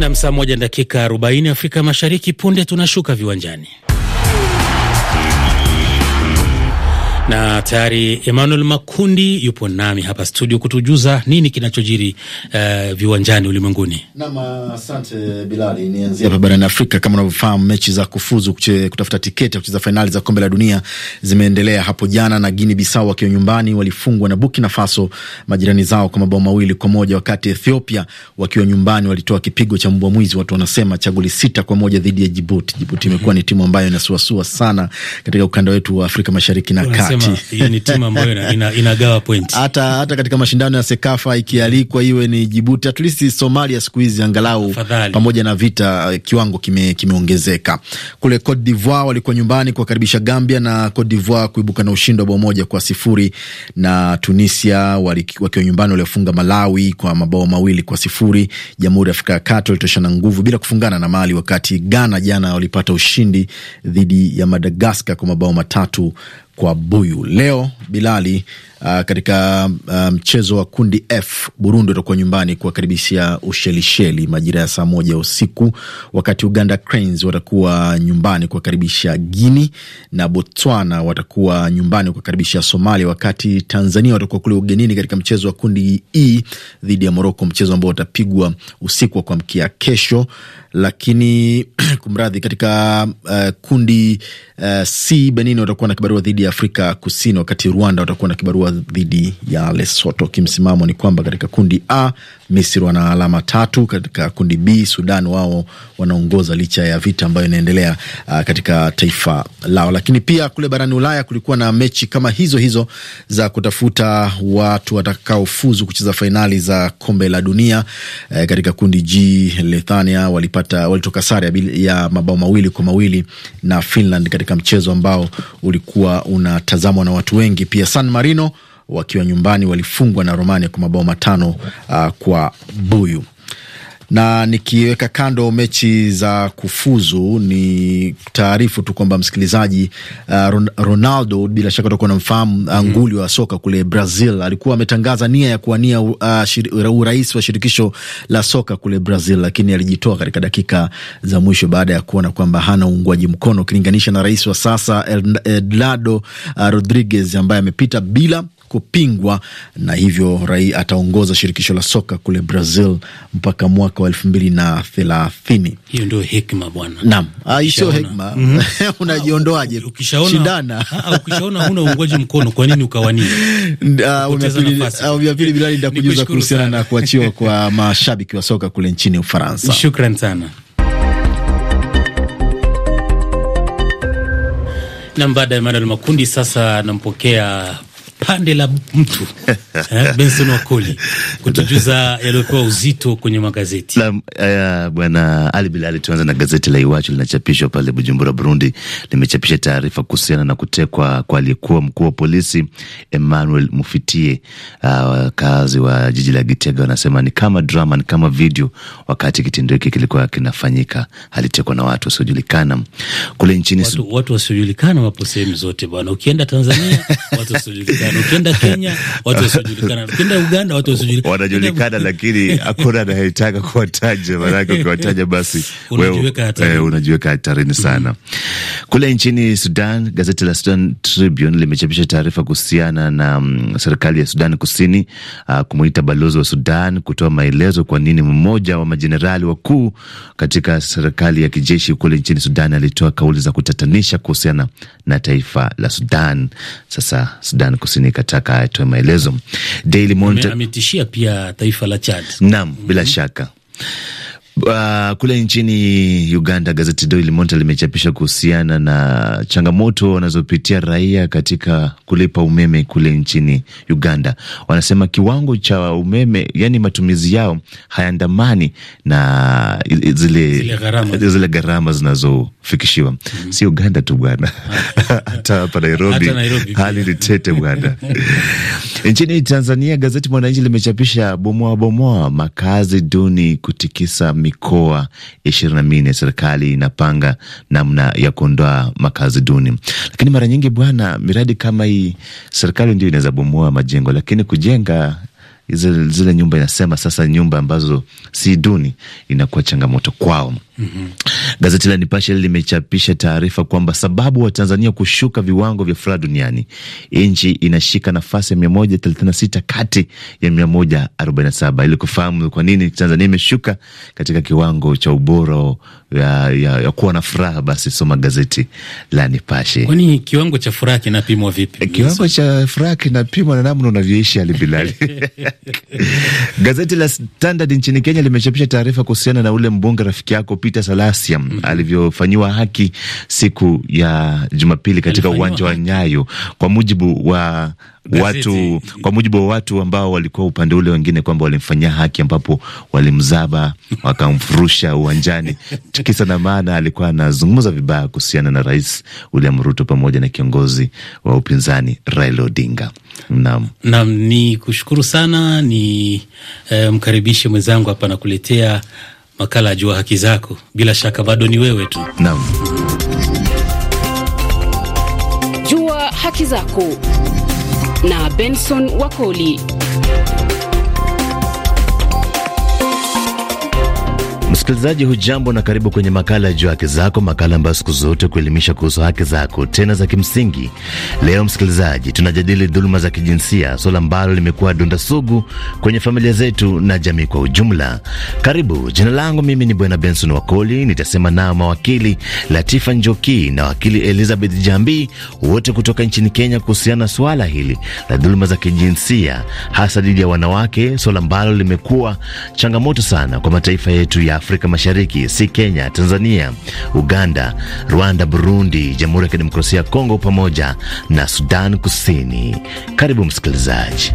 Nam, saa moja dakika 40 Afrika Mashariki. Punde tunashuka viwanjani. na tayari Emmanuel Makundi yupo nami hapa studio kutujuza nini kinachojiri uh, viwanjani ulimwenguni. Nam, asante Bilali. Nianzie hapa barani Afrika. Kama unavyofahamu, mechi za kufuzu kuche, kutafuta tiketi ya kucheza fainali za kombe la dunia zimeendelea hapo jana, na Guinea Bissau wakiwa nyumbani walifungwa na Burkina Faso majirani zao kwa mabao mawili kwa moja, wakati Ethiopia wakiwa nyumbani walitoa kipigo cha mbwa mwizi, watu wanasema cha goli sita kwa moja dhidi ya Jibuti. Jibuti imekuwa ni timu ambayo inasuasua sana katika ukanda wetu wa Afrika mashariki na kati ni timu ambayo inagawa pointi hata hata katika mashindano ya Sekafa ikialikwa iwe ni Jibuti at least Somalia siku hizi angalau Fadhali. Pamoja na vita eh, kiwango kimeongezeka kime kule Cote d'Ivoire walikuwa nyumbani kuwakaribisha Gambia na Cote d'Ivoire kuibuka na ushindi wa bao moja kwa sifuri na Tunisia wakiwa nyumbani waliofunga Malawi kwa mabao mawili kwa sifuri. Jamhuri ya Afrika ya Kati walitoshana nguvu bila kufungana na Mali, wakati Ghana jana walipata ushindi dhidi ya Madagaskar kwa mabao matatu kwa buyu leo Bilali. Uh, katika uh, mchezo um, wa kundi F Burundi watakuwa nyumbani kuwakaribisha Ushelisheli majira ya saa moja usiku, wakati Uganda Cranes watakuwa nyumbani kuwakaribisha Guini na Botswana watakuwa nyumbani kuwakaribisha Somalia, wakati Tanzania watakuwa kule ugenini katika mchezo wa kundi E dhidi ya Moroko, mchezo ambao utapigwa usiku wa kuamkia kesho lakini kumradhi, katika uh, kundi uh, C Benin watakuwa na kibarua dhidi ya Afrika Kusini, wakati Rwanda watakuwa na kibarua dhidi ya Lesotho. Kimsimamo ni kwamba katika kundi A Misri wana alama tatu, katika kundi B Sudan wao wanaongoza licha ya vita ambayo inaendelea uh, katika taifa lao. Lakini pia kule barani Ulaya kulikuwa na mechi kama hizo hizo za kutafuta watu watakaofuzu kucheza fainali za kombe la dunia. Uh, katika kundi G Lethania walipa walipata walitoka sare ya mabao mawili kwa mawili na Finland katika mchezo ambao ulikuwa unatazamwa na watu wengi. Pia San Marino wakiwa nyumbani walifungwa na Romania kwa mabao matano uh, kwa buyu. Na nikiweka kando mechi za kufuzu, ni taarifu tu kwamba msikilizaji, uh, Ronaldo bila shaka utakuwa unamfahamu, uh, mm-hmm. nguli wa soka kule Brazil, alikuwa ametangaza nia ya kuwania uh, urais wa shirikisho la soka kule Brazil, lakini alijitoa katika dakika za mwisho baada ya kuona kwamba hana uungwaji mkono ukilinganisha na rais wa sasa edlado uh, Rodriguez ambaye amepita bila kupingwa, na hivyo rai ataongoza shirikisho la soka kule Brazil mpaka mwaka wa elfu mbili na thelathini. Hiyo ndio hekima bwana. Naam, ah, sio hekima. Mhm. Unajiondoaje? Shindana. Ah, ah, ukishaona huna uungwaji mkono, kwa nini ukawania? Vyapili Bilali ndakujuza kuhusiana na kuachiwa kwa mashabiki wa soka kule nchini Ufaransa. Shukran sana. Nam, baada ya Emanuel Makundi, sasa nampokea pande la mtu eh, Benson Wakoli kutujuza yaliyopewa uzito kwenye magazeti. Bwana Ali Bilali, tuanze na gazeti la Iwacho linachapishwa pale Bujumbura, Burundi, limechapisha taarifa kuhusiana na kutekwa kwa aliyekuwa mkuu wa polisi Emmanuel Mufitie. Ah, wakazi uh, wa jiji la Gitega wanasema ni kama drama, ni kama video, wakati kitendo hiki kilikuwa kinafanyika. Alitekwa na watu wasiojulikana kule nchini, Watu, watu wasiojulikana wapo sehemu zote bwana, ukienda Tanzania watu wasiojulikana wasijulikana. Ukienda Kenya watu wasijulikana, ukienda Uganda watu wasijulikana, wanajulikana lakini hakuna anayetaka kuwataja, maanake ukiwataja basi eh, unajiweka hatarini sana. Kule nchini Sudan, gazeti la Sudan Tribune limechapisha taarifa kuhusiana na um, serikali ya Sudan Kusini uh, ah, kumwita balozi wa Sudan kutoa maelezo kwa nini mmoja wa majenerali wakuu katika serikali ya kijeshi kule nchini Sudan alitoa kauli za kutatanisha kuhusiana na taifa la Sudan. Sasa Sudan Kusini Francine Kataka atoe maelezo. Daily Monitor ametishia pia taifa la Chad. Naam, bila mm -hmm. shaka Uh, kule nchini Uganda gazeti Daily Monitor limechapisha kuhusiana na changamoto wanazopitia raia katika kulipa umeme kule nchini Uganda. Wanasema kiwango cha umeme, yani matumizi yao hayandamani na zile zile gharama zinazofikishiwa. Mm. Si Uganda tu bwana, hata hapa Nairobi, hali ni tete bwana. Nchini Tanzania gazeti Mwananchi limechapisha bomoa bomoa makazi duni kutikisa mikoa ishirini na minne serikali inapanga namna ya kuondoa makazi duni, lakini mara nyingi bwana, miradi kama hii serikali ndio inaweza bomoa majengo, lakini kujenga zile, zile nyumba inasema sasa nyumba ambazo si duni inakuwa changamoto kwao. mm -hmm. Gazeti la Nipashe limechapisha taarifa kwamba sababu wa Tanzania kushuka viwango vya furaha duniani, nchi inashika nafasi ya 136 kati ya 147. Ili kufahamu kwa nini Tanzania imeshuka katika kiwango cha ubora ya, ya, ya kuwa na furaha, basi soma gazeti la Nipashe. Kwani kiwango cha furaha kinapimwa vipi? Eh, kiwango cha furaha kinapimwa na namna unavyoishi alibilali. Gazeti la Standard nchini Kenya limechapisha taarifa kuhusiana na ule mbunge rafiki yako Peter Salasiam Mhm. alivyofanyiwa haki siku ya Jumapili katika uwanja wa Nyayo kwa mujibu wa watu kwa mujibu wa watu ambao walikuwa upande ule wengine, kwamba walimfanyia haki, ambapo walimzaba wakamfurusha uwanjani. Kisa na maana alikuwa anazungumza vibaya kuhusiana na Rais William Ruto pamoja na kiongozi wa upinzani Raila Odinga. Naam, naam, ni kushukuru sana, ni eh, mkaribishe mwenzangu hapa nakuletea makala ya Jua Haki Zako. Bila shaka bado ni wewe tu. Naam, Jua Haki Zako na Benson Wakoli. Msikilizaji hujambo na karibu kwenye makala ya juu haki zako, makala ambayo siku zote kuelimisha kuhusu haki zako tena za kimsingi. Leo msikilizaji, tunajadili dhuluma za kijinsia, suala ambalo limekuwa donda sugu kwenye familia zetu na jamii kwa ujumla. Karibu. Jina langu mimi ni Bwana Benson Wakoli, nitasema nao mawakili Latifa Njoki na wakili Elizabeth Jambi, wote kutoka nchini Kenya, kuhusiana suala hili la dhuluma za kijinsia, hasa dhidi ya wanawake, suala ambalo limekuwa changamoto sana kwa mataifa yetu ya Afrika Afrika Mashariki si Kenya, Tanzania, Uganda, Rwanda, Burundi, Jamhuri ya Kidemokrasia ya Kongo pamoja na Sudan Kusini. Karibu msikilizaji.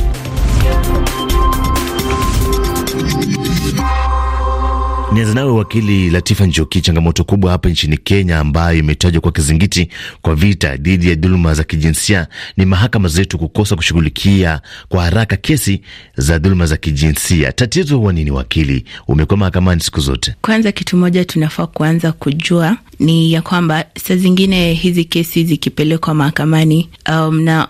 Nianza nawe wakili Latifa Njoki, changamoto kubwa hapa nchini Kenya ambayo imetajwa kwa kizingiti kwa vita dhidi ya dhuluma za kijinsia ni mahakama zetu kukosa kushughulikia kwa haraka kesi za dhuluma za kijinsia. Tatizo huwa nini, wakili? Umekuwa mahakamani siku zote. Kwanza kitu moja tunafaa kuanza kujua ni ya kwamba saa zingine hizi kesi zikipelekwa mahakamani, um, na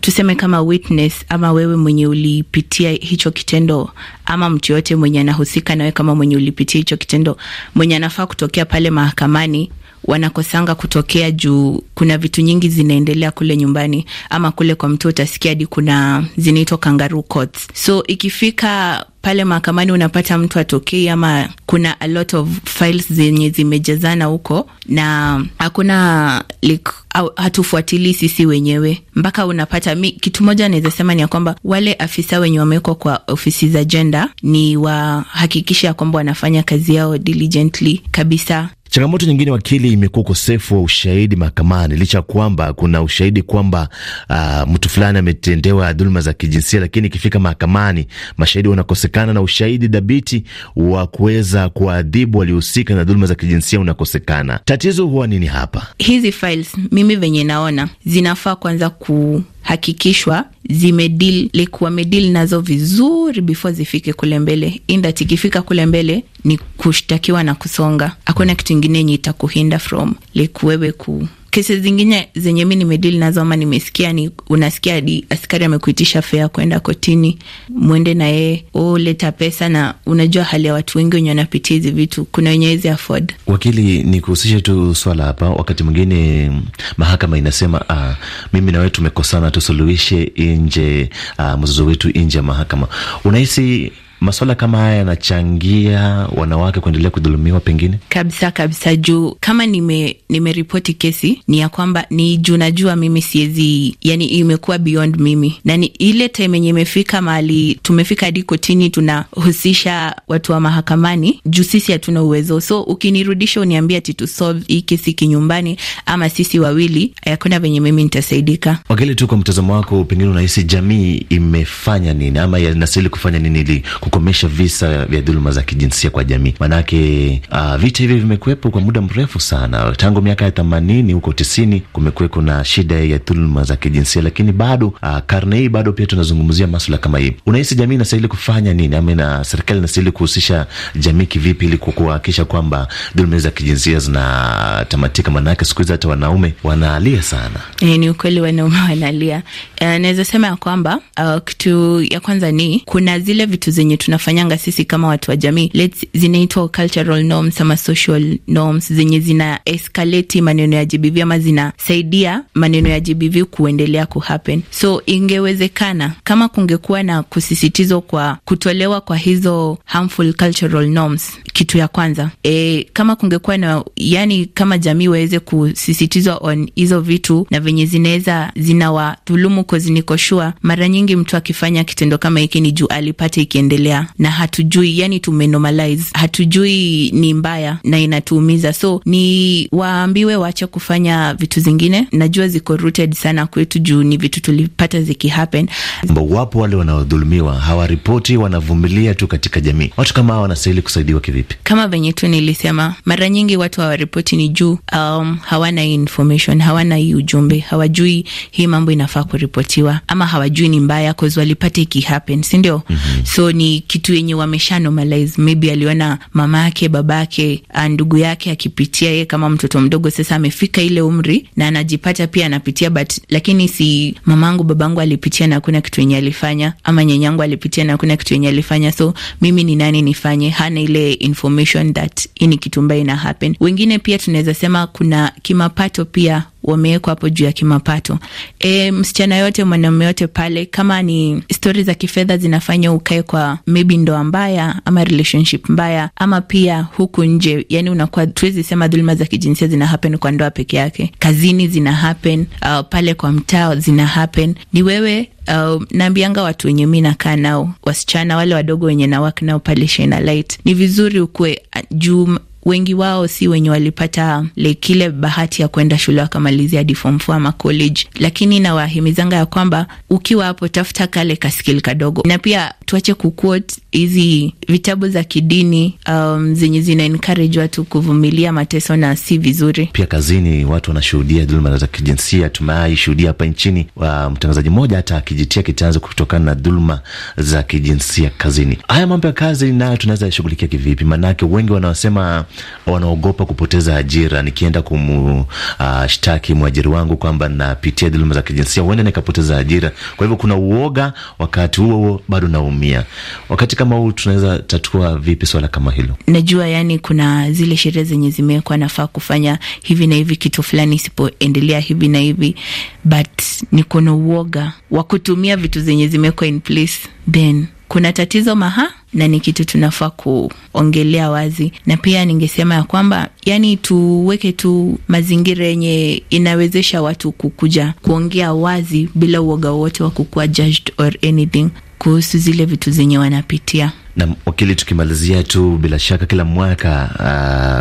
tuseme kama witness ama wewe mwenye ulipitia hicho kitendo, ama mtu yote mwenye anahusika nawe kama mwenye ulipitia hicho kitendo, mwenye anafaa kutokea pale mahakamani wanakosanga kutokea juu kuna vitu nyingi zinaendelea kule nyumbani ama kule kwa mtu. Utasikia hadi kuna zinaitwa kangaroo courts, so ikifika pale mahakamani unapata mtu atokei, ama kuna a lot of files zenye zimejazana huko na hakuna like, hatufuatilii sisi wenyewe mpaka unapata mi, kitu moja naweza sema ni ya kwamba wale afisa wenye wamewekwa kwa ofisi za jenda ni wahakikisha ya kwamba wanafanya kazi yao diligently kabisa Changamoto nyingine wakili, imekuwa ukosefu wa ushahidi mahakamani, licha ya kwamba kuna ushahidi kwamba uh, mtu fulani ametendewa dhuluma za kijinsia, lakini ikifika mahakamani mashahidi wanakosekana na ushahidi dhabiti wa kuweza kuadhibu waliohusika na dhuluma za kijinsia unakosekana. Tatizo huwa nini hapa? Hizi files mimi venye naona zinafaa kwanza ku hakikishwa zimedil like nazo vizuri before zifike kule mbele, indat ikifika kule mbele ni kushtakiwa na kusonga. Hakuna kitu ingine yenye itakuhinda from like wewe ku kesi zingine zenye mi nimedili nazo ama nimesikia ni unasikia hadi askari amekuitisha fea kwenda kotini, mwende na yeye o oh, leta pesa, na unajua hali ya watu wengi wenye wanapitia hizi vitu, kuna wenye hizi afford. Wakili, ni kuhusishe tu swala hapa, wakati mwingine mahakama inasema uh, mimi nawe tumekosana, tusuluhishe nje uh, mzozo wetu nje ya mahakama. Unahisi Maswala kama haya yanachangia wanawake kuendelea kudhulumiwa pengine kabisa kabisa, juu kama nimeripoti nime kesi ni ya kwamba ni juu najua mimi siwezi, yani imekuwa beyond mimi, na ni ile time yenye imefika mahali tumefika hadi kotini tunahusisha watu wa mahakamani juu sisi hatuna uwezo. So ukinirudisha uniambia ati tu solve hii kesi kinyumbani ama sisi wawili, hakuna venye mimi nitasaidika. Wakili tu, kwa mtazamo wako, pengine unahisi jamii imefanya nini ama inastahili kufanya nini ili kukomesha visa vya dhuluma za kijinsia kwa jamii. Manake uh, vita hivi vimekuwepo kwa muda mrefu sana, tangu miaka ya themanini huko tisini kumekuweko na shida ya dhuluma za kijinsia, lakini bado uh, karne hii bado pia tunazungumzia maswala kama hii. Unahisi jamii inastahili kufanya nini ama ah, na serikali inastahili kuhusisha jamii kivipi ili kuhakikisha kwamba dhuluma za kijinsia zinatamatika? Manake siku hizi hata wanaume wanaalia sana. E, ni ukweli wanaume wanaalia. E, eh, naweza sema ya kwamba uh, kitu ya kwanza ni kuna zile vitu zenye zenye tunafanyanga sisi kama watu wa jamii Let's, zinaitwa cultural norms ama social norms zenye zina escalate maneno ya GBV ama zinasaidia maneno ya GBV kuendelea kuhappen. So ingewezekana kama kungekuwa na kusisitizwa kwa kutolewa kwa hizo harmful cultural norms kitu ya kwanza e, kama kungekuwa na yani, kama jamii waweze kusisitizwa on hizo vitu na venye zinaweza zinawadhulumu, kozinikoshua mara nyingi mtu akifanya kitendo kama hiki ni juu alipate ikiendelea, na hatujui yani, tumenormalize hatujui ni mbaya na inatuumiza, so ni waambiwe wache kufanya vitu zingine. Najua ziko rooted sana kwetu juu ni vitu tulipata zikihappen. Wapo wale wanaodhulumiwa hawaripoti, wanavumilia tu katika jamii. Watu kama hawa wanastahili kusaidiwa kivipi? vipi? Kama venye tu nilisema, mara nyingi watu hawaripoti ni juu um, hawana hii information, hawana hii ujumbe, hawajui hii mambo inafaa kuripotiwa, ama hawajui ni mbaya cause walipata iki happen, si ndio? mm -hmm. So ni kitu yenye wamesha normalize, maybe aliona mama yake, baba yake, ah, ndugu yake akipitia, ye kama mtoto mdogo, sasa amefika ile umri na anajipata pia anapitia, but lakini si mamangu, babangu alipitia na hakuna kitu yenye alifanya, ama nyanyangu alipitia na hakuna kitu yenye alifanya, so mimi ni nani nifanye? Hana ile information that ni kitu ambayo ina happen. Wengine pia tunaweza sema kuna kimapato pia wamewekwa hapo juu ya kimapato. E, msichana yote mwanaume yote pale, kama ni stori za kifedha zinafanya ukae kwa maybe ndoa mbaya ama relationship mbaya, ama pia huku nje, yani unakuwa tuwezi sema dhuluma za kijinsia zina happen kwa ndoa peke yake, kazini zina happen, uh, pale kwa mtaa zina happen. Ni wewe Uh, naambianga watu wenye mi nakaa nao, wasichana wale wadogo wenye nawak nao pale Shine Light, ni vizuri ukuwe uh, juu wengi wao si wenye walipata like bahati ya kwenda shule wakamalizia hadi form four ama college, lakini nawahimizanga ya kwamba ukiwa hapo, tafuta kale kaskili kadogo, na pia tuache kuquote hizi vitabu za kidini um, zenye zina encourage watu kuvumilia mateso na si vizuri. Pia kazini watu wanashuhudia dhuluma za kijinsia. Tumeaishuhudia hapa nchini wa um, mtangazaji mmoja hata akijitia kitanzo kutokana na dhuluma za kijinsia kazini. Haya mambo ya kazi nayo tunaweza yashughulikia kivipi? Maanake wengi wanaosema wanaogopa kupoteza ajira. Nikienda kumshtaki uh, mwajiri wangu kwamba napitia dhuluma za kijinsia, huenda nikapoteza ajira. Kwa hivyo kuna uoga, wakati huo huo bado na wanaumia. Wakati kama huu tunaweza tatua vipi swala kama hilo? Najua yani kuna zile sheria zenye zimewekwa, nafaa kufanya hivi na hivi, kitu fulani isipoendelea hivi na hivi, but niko na uoga wa kutumia vitu zenye zimewekwa in place, then kuna tatizo maha na ni kitu tunafaa kuongelea wazi, na pia ningesema ya kwamba yani tuweke tu mazingira yenye inawezesha watu kukuja kuongea wazi bila uoga wowote wa kukuwa judged or anything kuhusu zile vitu zenye wanapitia. Na wakili, tukimalizia tu, bila shaka kila mwaka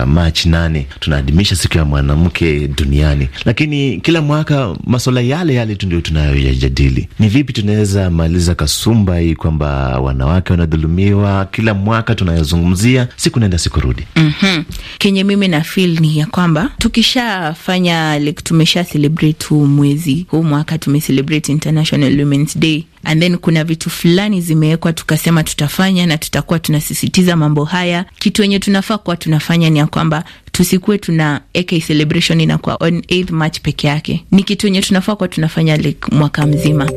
uh, Machi nane tunaadhimisha siku ya mwanamke duniani, lakini kila mwaka masuala yale yale tu ndio tunayoyajadili. Ni vipi tunaweza maliza kasumba hii kwamba wanawake wanadhulumiwa? Kila mwaka tunayozungumzia siku naenda siku rudi. mm -hmm. Kenye mimi na feel ni ya kwamba tukishafanya like, tumesha celebrate huu mwezi huu mwaka tume celebrate International Women's Day and then kuna vitu fulani zimewekwa, tukasema tutafanya na tutakuwa tunasisitiza mambo haya. Kitu yenye tunafaa kuwa tunafanya ni ya kwamba tusikuwe tuna AK celebration inakuwa on 8th March peke yake, ni kitu yenye tunafaa kuwa tunafanya like mwaka mzima.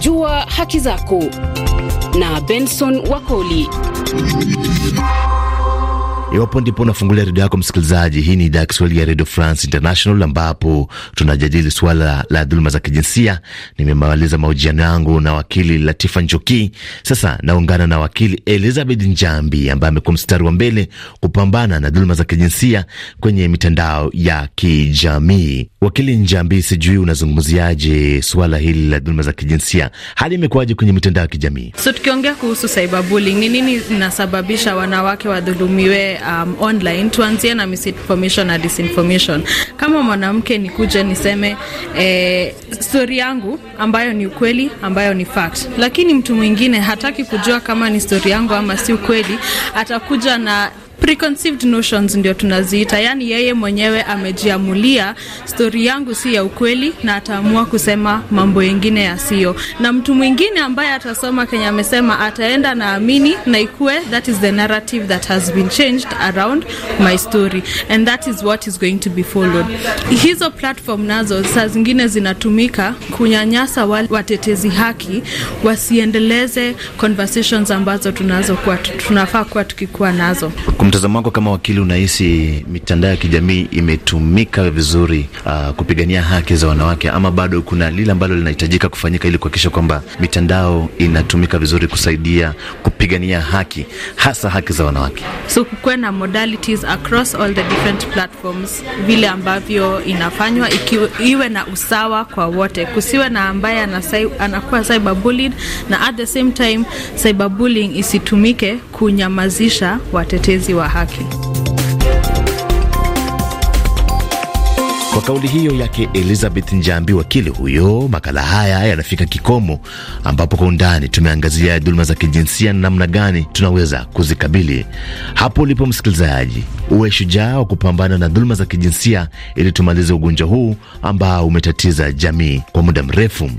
Jua haki zako na Benson Wakoli Iwapo ndipo unafungulia redio yako msikilizaji, hii ni idhaa ya Kiswahili ya redio France International ambapo tunajadili suala la dhuluma za kijinsia. Nimemaliza mahojiano yangu na wakili Latifa Njoki. Sasa naungana na wakili Elizabeth Njambi ambaye amekuwa mstari wa mbele kupambana na dhuluma za kijinsia kwenye mitandao ya kijamii. Wakili Njambi, sijui unazungumziaje suala hili la dhuluma za kijinsia, hali imekuwaje kwenye mitandao ya kijamii? So tukiongea kuhusu cyberbullying, ni nini inasababisha wanawake wadhulumiwe um, online, tuanzie na misinformation na disinformation. Kama mwanamke nikuje niseme eh, stori yangu ambayo ni ukweli, ambayo ni fact, lakini mtu mwingine hataki kujua kama ni stori yangu ama si ukweli, atakuja na preconceived notions ndio tunaziita, yaani yeye mwenyewe amejiamulia stori yangu si ya ukweli, na ataamua kusema mambo yengine yasiyo, na mtu mwingine ambaye atasoma kenye amesema ataenda na amini na ikue that is the narrative that has been changed around my story and that is what is going to be followed. Hizo platform nazo saa zingine zinatumika kunyanyasa wale watetezi haki wasiendeleze conversations ambazo tunazo kwa tunafaa kuwa tukikuwa nazo Kum mtazamo wako kama wakili, unahisi mitandao ya kijamii imetumika vizuri uh, kupigania haki za wanawake ama bado kuna lile ambalo linahitajika kufanyika ili kuhakikisha kwamba mitandao inatumika vizuri kusaidia kupigania haki hasa haki za wanawake? So kukuwa na modalities across all the different platforms, vile ambavyo inafanywa iwe na usawa kwa wote, kusiwe na ambaye anakuwa cyberbullied na at the same time cyberbullying isitumike kunyamazisha watetezi wa haki. Kwa kauli hiyo yake Elizabeth Njambi, wakili huyo, makala haya yanafika kikomo, ambapo kwa undani tumeangazia dhuluma za kijinsia na namna gani tunaweza kuzikabili. Hapo ulipo msikilizaji, uwe shujaa wa kupambana na dhuluma za kijinsia ili tumalize ugonjwa huu ambao umetatiza jamii kwa muda mrefu.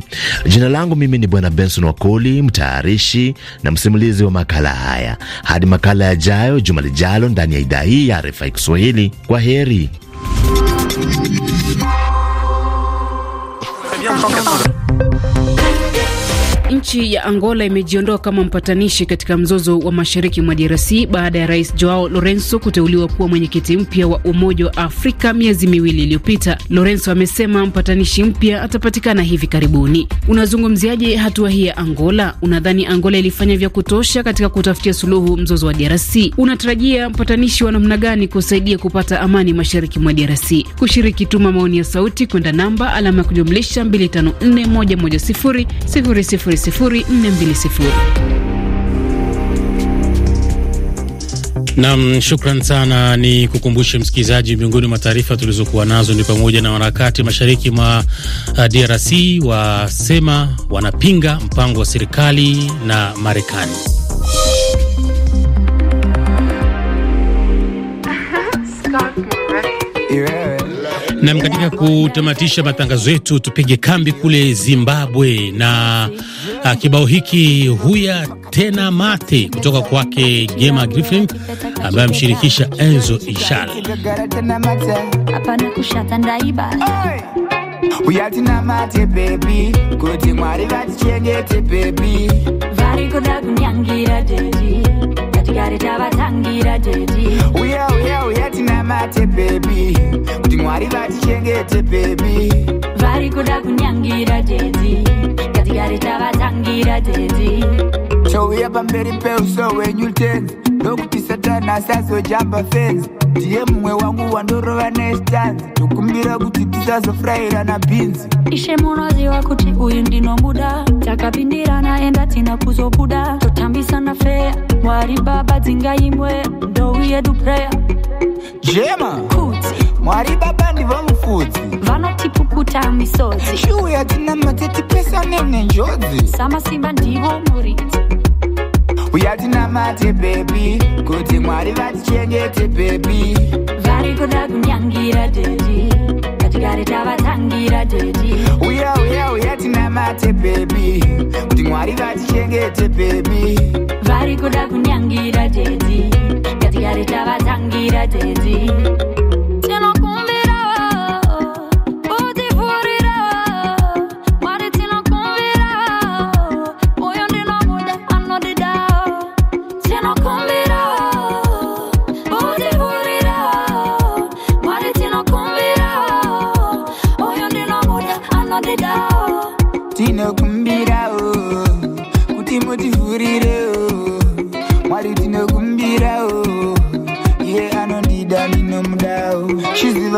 Jina langu mimi ni Bwana Benson Wakoli, mtayarishi na msimulizi wa makala haya. Hadi makala yajayo juma lijalo, ndani ya idhaa hii ya RFI Kiswahili, kwa heri. Très bien, commence. Nchi ya Angola imejiondoa kama mpatanishi katika mzozo wa mashariki mwa DRC baada ya rais Joao Lorenzo kuteuliwa kuwa mwenyekiti mpya wa Umoja wa Afrika miezi miwili iliyopita. Lorenzo amesema mpatanishi mpya atapatikana hivi karibuni. Unazungumziaje hatua hii ya Angola? Unadhani Angola ilifanya vya kutosha katika kutafutia suluhu mzozo wa DRC? Unatarajia mpatanishi wa namna gani kusaidia kupata amani mashariki mwa DRC? Kushiriki, tuma maoni ya sauti kwenda namba alama ya kujumlisha 25411000 Nam, shukran sana. Ni kukumbushe msikilizaji, miongoni mwa taarifa tulizokuwa nazo ni pamoja na wanaharakati mashariki mwa uh, DRC wasema wanapinga mpango wa serikali na Marekani. Nam, katika kutamatisha matangazo yetu, tupige kambi kule Zimbabwe na uh, kibao hiki huya tena mate kutoka kwake Gema Griffin ambaye amshirikisha Enzo Ishara. uyatina mate bebi kuti mwari vatichengete bebi vari kuda kunyangira dedi katikare tavatangira dedi uya uya uyatina mate bebi chengete bebi vari kuda kunyangira dedi ngatigare tavatangira dedi chouya pamberi peuso wenyu tenzi nokuti satani asazojamba fenzi ndiye mumwe wangu wandorova nestanzi tokumbira kuti tisazofurayira nabhinzi ishe munoziva kuti uyu ndinobuda takapindirana enda tina kuzobuda totambisana feya mwari baba dzingaimwe ndouyedu preya jema kuti mwari baba ndivamufudzi vanotipukuta misodzi shuya tinamate tipesanene njodzi samasimba ndivo muridzi uya tinamate bebi kuti mwari vatichengete bebi vari kuda kunyangira dedi atigare tavatangira dedi uya uya uya tinamate bebi kuti mwari vatichengete bebi vari kuda kunyangira dedi atigare tavatangira dedi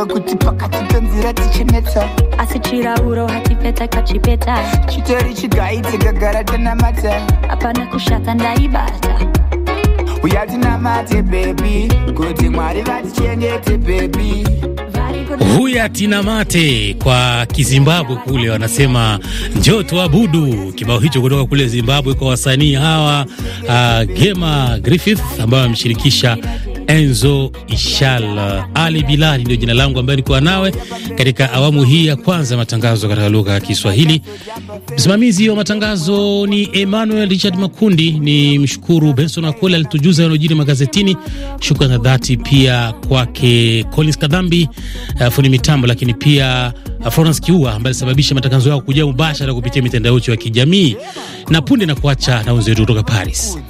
Chiro kuti pakati pemvura tichinetsa asi chirauro hatipeta kachipeta chitori chikaite kagara tanamata hapana kushata ndaibata uyatinamate bebi kuti mwari vatichengete bebi Huya tina mate kwa Kizimbabwe kule wanasema njoo tuabudu. Kibao hicho kutoka kule Zimbabwe kwa wasanii hawa uh, Gema Griffith ambayo amshirikisha Enzo Ishala. Ali Bilali ndio jina langu ambaye nilikuwa nawe katika awamu hii ya kwanza matangazo katika lugha ya Kiswahili. Msimamizi wa matangazo ni Emmanuel Richard Makundi. Ni mshukuru Benson Akole alitujuza yanayojiri magazetini. Shukrani za dhati pia kwake Collins Kadhambi, uh, fundi mitambo, lakini pia uh, Florence Kiua ambaye alisababisha matangazo yao kuja mubashara kupitia mitandao ya kijamii. Na punde na kuacha na wenzetu kutoka Paris.